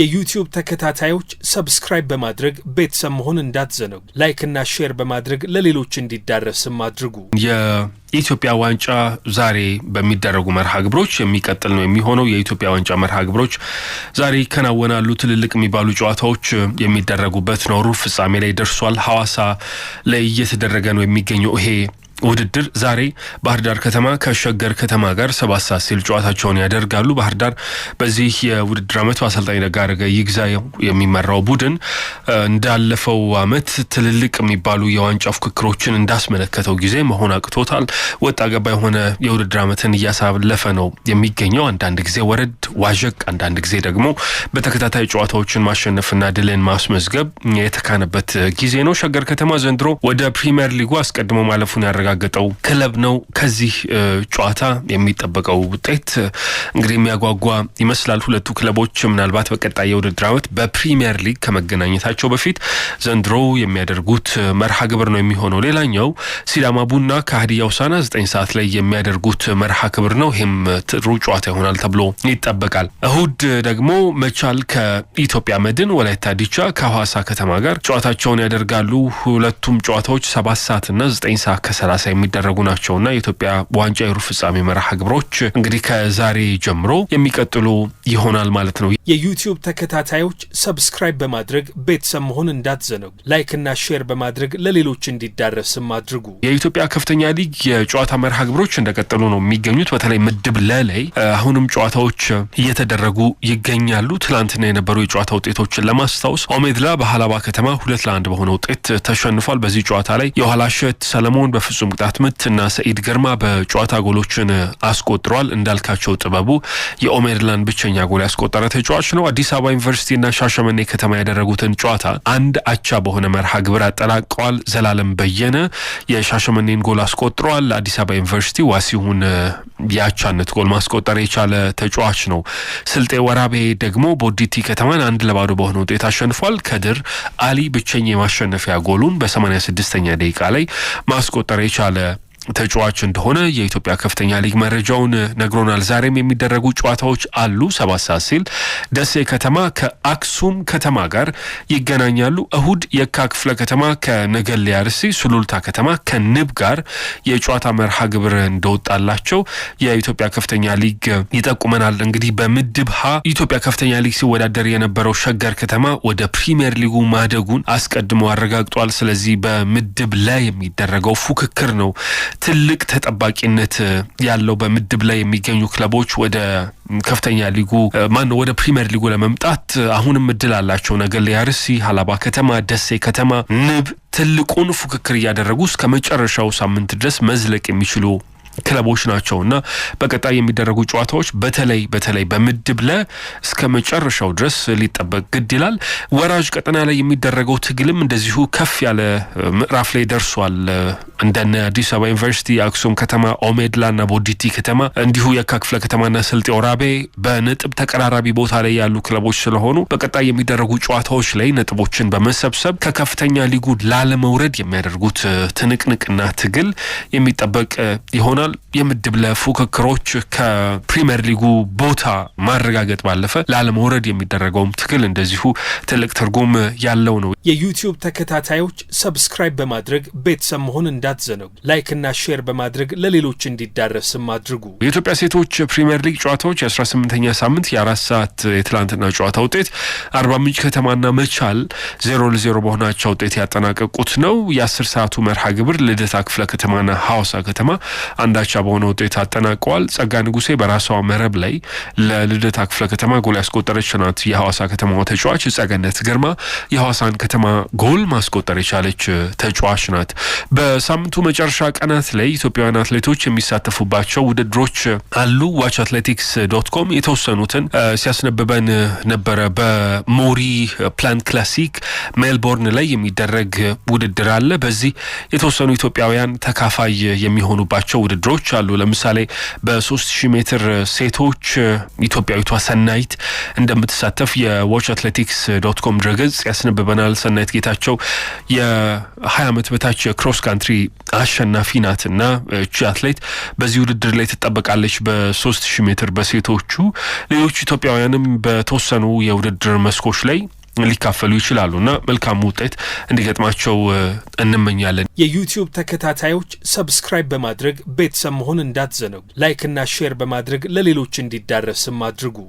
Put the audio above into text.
የዩቲዩብ ተከታታዮች ሰብስክራይብ በማድረግ ቤተሰብ መሆን እንዳትዘነጉ፣ ላይክና ሼር በማድረግ ለሌሎች እንዲዳረስም አድርጉ። የኢትዮጵያ ዋንጫ ዛሬ በሚደረጉ መርሃ ግብሮች የሚቀጥል ነው የሚሆነው። የኢትዮጵያ ዋንጫ መርሃ ግብሮች ዛሬ ይከናወናሉ። ትልልቅ የሚባሉ ጨዋታዎች የሚደረጉበት ነው። ሩብ ፍጻሜ ላይ ደርሷል። ሐዋሳ ላይ እየተደረገ ነው የሚገኘው ይሄ ውድድር ዛሬ ባህር ዳር ከተማ ከሸገር ከተማ ጋር ሰባት ሰዓት ሲል ጨዋታቸውን ያደርጋሉ። ባህር ዳር በዚህ የውድድር ዓመት ነጋ ነጋርገ ይግዛ የሚመራው ቡድን እንዳለፈው አመት ትልልቅ የሚባሉ የዋንጫ ፉክክሮችን እንዳስመለከተው ጊዜ መሆን አቅቶታል። ወጣ ገባ የሆነ የውድድር ዓመትን እያሳለፈ ነው የሚገኘው። አንዳንድ ጊዜ ወረድ ዋዠቅ፣ አንዳንድ ጊዜ ደግሞ በተከታታይ ጨዋታዎችን ማሸነፍና ድልን ማስመዝገብ የተካነበት ጊዜ ነው። ሸገር ከተማ ዘንድሮ ወደ ፕሪሚየር ሊጉ አስቀድሞ ማለፉን ያረጋል ያረጋገጠው ክለብ ነው። ከዚህ ጨዋታ የሚጠበቀው ውጤት እንግዲህ የሚያጓጓ ይመስላል። ሁለቱ ክለቦች ምናልባት በቀጣይ የውድድር ዓመት በፕሪሚየር ሊግ ከመገናኘታቸው በፊት ዘንድሮ የሚያደርጉት መርሃ ግብር ነው የሚሆነው። ሌላኛው ሲዳማ ቡና ከሀዲያ ውሳና ዘጠኝ ሰዓት ላይ የሚያደርጉት መርሃ ክብር ነው። ይህም ጥሩ ጨዋታ ይሆናል ተብሎ ይጠበቃል። እሁድ ደግሞ መቻል ከኢትዮጵያ መድን፣ ወላይታ ዲቻ ከሐዋሳ ከተማ ጋር ጨዋታቸውን ያደርጋሉ። ሁለቱም ጨዋታዎች ሰባት ሰዓትና ዘጠኝ ሰዓት ከሰላሳ ተመሳሳይ የሚደረጉ ናቸውና የኢትዮጵያ ዋንጫ የሩብ ፍጻሜ መርሃ ግብሮች እንግዲህ ከዛሬ ጀምሮ የሚቀጥሉ ይሆናል ማለት ነው። የዩቲዩብ ተከታታዮች ሰብስክራይብ በማድረግ ቤተሰብ መሆን እንዳትዘነጉ፣ ላይክና ሼር በማድረግ ለሌሎች እንዲዳረስም አድርጉ። የኢትዮጵያ ከፍተኛ ሊግ የጨዋታ መርሃ ግብሮች እንደቀጠሉ ነው የሚገኙት። በተለይ ምድብ ለ ላይ አሁንም ጨዋታዎች እየተደረጉ ይገኛሉ። ትላንትና የነበሩ የጨዋታ ውጤቶችን ለማስታወስ ኦሜድላ በሀላባ ከተማ ሁለት ለአንድ በሆነ ውጤት ተሸንፏል። በዚህ ጨዋታ ላይ የኋላሸት ሰለሞን በፍጹም ቅጣት ምት እና ሰኢድ ግርማ በጨዋታ ጎሎችን አስቆጥሯል እንዳልካቸው ጥበቡ የኦሜድላን ብቸኛ ጎል ያስቆጠረ ተጫዋች ነው። አዲስ አበባ ዩኒቨርሲቲና ሻሸመኔ ከተማ ያደረጉትን ጨዋታ አንድ አቻ በሆነ መርሃ ግብር አጠናቀዋል። ዘላለም በየነ የሻሸመኔን ጎል አስቆጥረዋል። አዲስ አበባ ዩኒቨርሲቲ ዋሲሁን የአቻነት ጎል ማስቆጠር የቻለ ተጫዋች ነው። ስልጤ ወራቤ ደግሞ ቦዲቲ ከተማን አንድ ለባዶ በሆነ ውጤት አሸንፏል። ከድር አሊ ብቸኛ የማሸነፊያ ጎሉን በ 86 ተኛ ደቂቃ ላይ ማስቆጠር የቻለ ተጫዋች እንደሆነ የኢትዮጵያ ከፍተኛ ሊግ መረጃውን ነግሮናል። ዛሬም የሚደረጉ ጨዋታዎች አሉ። ሰባት ሰዓት ሲል ደሴ ከተማ ከአክሱም ከተማ ጋር ይገናኛሉ። እሁድ የካ ክፍለ ከተማ ከነገሌ አርሲ፣ ሱሉልታ ከተማ ከንብ ጋር የጨዋታ መርሃ ግብር እንደወጣላቸው የኢትዮጵያ ከፍተኛ ሊግ ይጠቁመናል። እንግዲህ በምድብ ሀ ኢትዮጵያ ከፍተኛ ሊግ ሲወዳደር የነበረው ሸገር ከተማ ወደ ፕሪሚየር ሊጉ ማደጉን አስቀድሞ አረጋግጧል። ስለዚህ በምድብ ላይ የሚደረገው ፉክክር ነው ትልቅ ተጠባቂነት ያለው በምድብ ላይ የሚገኙ ክለቦች ወደ ከፍተኛ ሊጉ ማነው ወደ ፕሪምየር ሊጉ ለመምጣት አሁንም እድል አላቸው። ነገሌ አርሲ፣ ሀላባ ከተማ፣ ደሴ ከተማ፣ ንብ ትልቁን ፉክክር እያደረጉ እስከ መጨረሻው ሳምንት ድረስ መዝለቅ የሚችሉ ክለቦች ናቸው እና በቀጣይ የሚደረጉ ጨዋታዎች በተለይ በተለይ በምድብ ለ እስከ መጨረሻው ድረስ ሊጠበቅ ግድ ይላል። ወራጅ ቀጠና ላይ የሚደረገው ትግልም እንደዚሁ ከፍ ያለ ምዕራፍ ላይ ደርሷል። እንደነ አዲስ አበባ ዩኒቨርሲቲ፣ አክሱም ከተማ፣ ና ቦዲቲ ከተማ እንዲሁ የካ ክፍለ ከተማና ስልጤ ወራቤ በነጥብ ተቀራራቢ ቦታ ላይ ያሉ ክለቦች ስለሆኑ በቀጣይ የሚደረጉ ጨዋታዎች ላይ ነጥቦችን በመሰብሰብ ከከፍተኛ ሊጉ ላለመውረድ የሚያደርጉት ትንቅንቅና ትግል የሚጠበቅ ይሆናል። ይሆናል። የምድብ ለፉክክሮች ከፕሪምየር ሊጉ ቦታ ማረጋገጥ ባለፈ ላለመውረድ የሚደረገውም ትግል እንደዚሁ ትልቅ ትርጉም ያለው ነው። የዩቲዩብ ተከታታዮች ሰብስክራይብ በማድረግ ቤተሰብ መሆን እንዳትዘነጉ፣ ላይክና ሼር በማድረግ ለሌሎች እንዲዳረስም አድርጉ። የኢትዮጵያ ሴቶች ፕሪምየር ሊግ ጨዋታዎች የ18ኛ ሳምንት የአራት ሰዓት የትላንትና ጨዋታ ውጤት አርባ ምንጭ ከተማና መቻል ዜሮ ለዜሮ በሆናቸው ውጤት ያጠናቀቁት ነው። የአስር ሰዓቱ መርሃ ግብር ልደታ ክፍለ ከተማና ሐዋሳ ከተማ አንዳቻ በሆነ ውጤት አጠናቀዋል። ጸጋ ንጉሴ በራሷ መረብ ላይ ለልደታ ክፍለ ከተማ ጎል ያስቆጠረች ናት። የሐዋሳ ከተማዋ ተጫዋች ጸገነት ግርማ የሐዋሳን ከተማ ጎል ማስቆጠር የቻለች ተጫዋች ናት። በሳምንቱ መጨረሻ ቀናት ላይ ኢትዮጵያውያን አትሌቶች የሚሳተፉባቸው ውድድሮች አሉ። ዋች አትሌቲክስ ዶት ኮም የተወሰኑትን ሲያስነብበን ነበረ። በሞሪ ፕላን ክላሲክ ሜልቦርን ላይ የሚደረግ ውድድር አለ። በዚህ የተወሰኑ ኢትዮጵያውያን ተካፋይ የሚሆኑባቸው ውድድር ውድድሮች አሉ። ለምሳሌ በሶስት ሺህ ሜትር ሴቶች ኢትዮጵያዊቷ ሰናይት እንደምትሳተፍ የዋች አትሌቲክስ ዶት ኮም ድረገጽ ያስነብበናል። ሰናይት ጌታቸው የ20 ዓመት በታች የክሮስ ካንትሪ አሸናፊ ናት እና እቺ አትሌት በዚህ ውድድር ላይ ትጠበቃለች በ3000 ሜትር በሴቶቹ ሌሎች ኢትዮጵያውያንም በተወሰኑ የውድድር መስኮች ላይ ሊካፈሉ ይችላሉ እና መልካም ውጤት እንዲገጥማቸው እንመኛለን። የዩቲዩብ ተከታታዮች ሰብስክራይብ በማድረግ ቤተሰብ መሆን እንዳትዘነጉ፣ ላይክና ሼር በማድረግ ለሌሎች እንዲዳረስም አድርጉ።